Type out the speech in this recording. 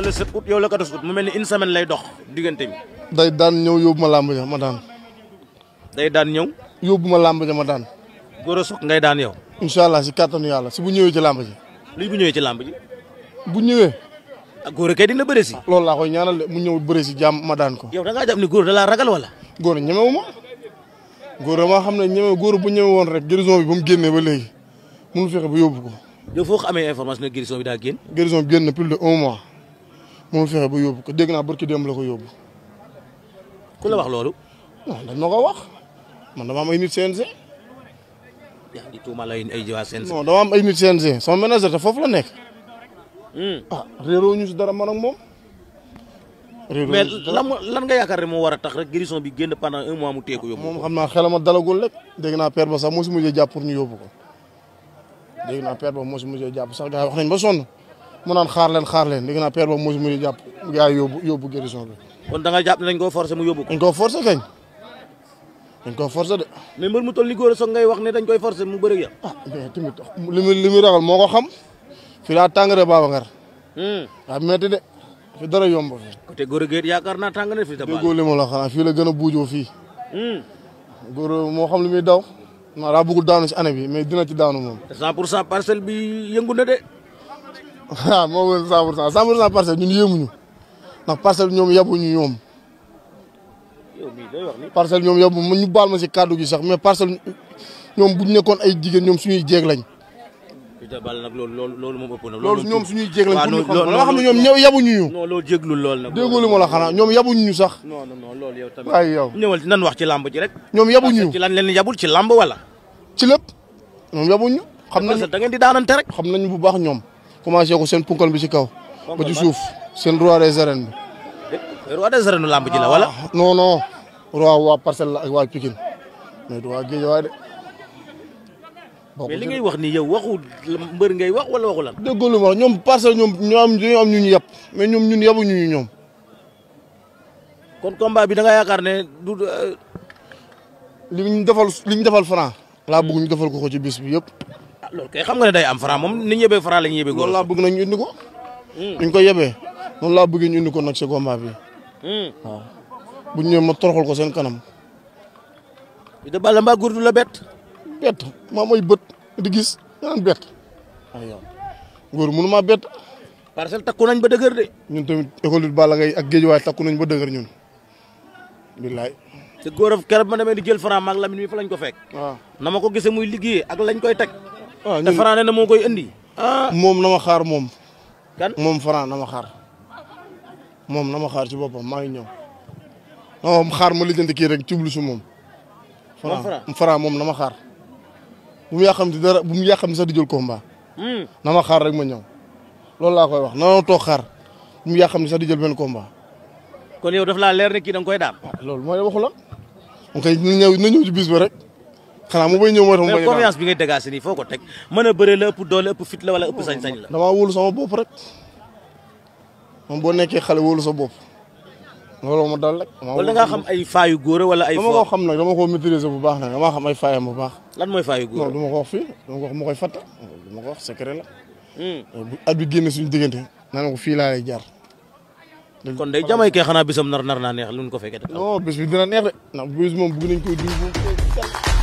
la la quatorze août mu mel ni une semaine lay dox diggante bi. day daan ñëw yóbbu ma làmb ja ma daan. day daan ñëw. yóbbu ma làmb ja ma daan. Gora Sock ngay daan yow. incha allah si kàttanu yàlla si bu ñëwee ci làmb ji. luy ñëwee ci làmb bu ñëwee. ak ah, Gora dina bëre si. loolu laa koy ñaanal mu ñëw bëre jàmm ma daan ko. yow da ngaa jàpp ni Gora da laa ragal wala. Gora ñemewu ma. Gora maa xam ne ñeme góor bu ñeme woon rek guérison bi ba mu génnee ba léegi mënu fexe bu yóbbu ko. yow foo xamee information ne bi daa génn. guérison bi génn plus de un mois. moom fexe ba yóbbu ko dégg naa barki démb la ko yóbbu. ku la wax loolu. non dañ ma ko wax man dama am ay nit CNG. yaa ngi tuumal ay ay waa CNG. non dama am ay nit CNG sama manager te foofu la nekk. Hmm. ah réeroo ñu si dara man ak moom. mais lan lan nga yaakaar ne moo war a tax rek guérison bi génn pendant un mois mu téye ko yóbbu. moom xam naa xelama dalagul rek dégg naa père ba sax moo si mujjee jàpp pour ñu yóbbu ko dégg naa père ba moo si mujjee jàpp sax gars yi wax nañ ba sonn. mu naan xaar leen xaar leen léegi naa père boobu mos muy jàpp gars yi yóbbu yóbbu guérison bi. kon da nga jàpp ne dañ koo forcer mu yóbbu ko. dañ koo forcer kañ dañ koo forcer de. mais mbër mu toll ni góor soog ngay wax ne dañ koy forcer mu bëri ak yow. ah mais tamit li muy li muy ragal moo ko xam fi laa tàngaree Baba Ngar. waaw hmm. metti de fi dara yomb fi. côté góor gi yaakaar naa tàng na fi. damaa la déggoo li ma la xanaa fii la gën a buujoo fii. Hmm. góor moo xam li muy daw. non daa bëggul daanu si année bi mais dina ci daanu moom. 100 pour cent parcelle bi yëngu na de waaw ah, moo gën 100 pour cent 100 pour cent parcelle ñun yéemuñu ndax parcelle ñoom yabuñu ñoom. parcelle ñoom yabu ñu baal ma si kàddu gi sax mais parcelle ñoom bu ñu nekkoon ay jigéen ñoom suñuy jéeg lañ. loolu ñoom suñuy jéeg lañ. waaw loolu loo xam ne ñoom ñëw yabuñu ñu. non loolu jéeglu lool nag. déggu li ma la xanaa ñoom yabuñu ñu sax. non non loolu yow tamit. waaye yow ñëwal nan wax ci làmb ji rek. ñoom yabuñu ñu ci lan leen yabul ci làmb wala. ci lépp ñoom yabuñu. xam nañu da ngeen di daanante rek. xam ñu bu baax ñoom commencé ko seen punkal bi ci kaw. ba ci suuf seen roi des arènes bi. Eh, roi des arènes lamb ji la ah, wala. non non roi waa la ak waa Pikine mais du waa géej waaye de. mais li ngay wax ni yow waxu mbër ngay wax wala waxu lan. déggoo lu ma ñoom parcelle ñoom ñoo am ñu ñu yab mais ñoom ñu yabuñu ñu ñoom. kon combat bi da nga yaakaar ne du. Euh, li ñu defal li ñu defal Franc. laa bëgg ñu defal ko ko ci bis bi yëpp. loolu kay xam nga ne day am Franc moom ni ñu yebee Franc la ñu yebee. loolu laa ko. Hmm. duñ noonu laa bëgg ñu indi ko nag si combat bi. Hmm. waaw bu ñu ñëwee ma toroxal ko seen kanam. de Balla mbaa góor du la bett. bett maa mooy bët di gis daan bett. aywa góor mënu maa bett. parcelle takku nañ ba dëgër de. ñun tamit école Balla Gaye ak Guédiawaye takku nañ ba dëgër ñun. billaay. te góor af keroog ma demee di jël Franc ak Lamine mi fa lañ ko fekk. na ma ko gisee muy liggéey ak lañ koy teg. waaw ah, te Franc na moo koy andi ah, moom na ma xaar moom. moom Franc na ma xaar. moom na ma xaar ci boppam maa ngi ñëw. non xaar ma lijjanti kii rek jublu si moom. Franc Franc moom na ma xaar. bu mu yàqamti dara bu mu yàqamti sax di jël combat. Hmm. na ma xaar rek ma ñëw. loolu laa koy wax na ma toog xaar bu mu yàqamti sax di jël benn combat. kon yow daf laa leer ne kii da koy daan. Ah, lool mooy waxu la. na ñëw na bis ba rek. xanaa moo tax mu a confiance bi ngay dégagé nii foo ko teg mën a bëre la ëpp a ëpp fit la wala ëpp sañ-sañ la. damaa wóolu sama boo nekkee xale sa bopp loolu ma dal rek. wala xam ay faayu góor wala ay. fo dama ko xam nag dama ko maîtriser bu xam ay faayam bu baax. lan mooy faayu góor ma ko wax fii koy fàtte du ma ko wax secret la. Hmm. Euh, bi génne suñu diggante. naa fii laa lay jaar. kon day jamay kee xanaa bisam nar nar naa neex lu ko fekkee. de. ndax bis moom bëgg koy dund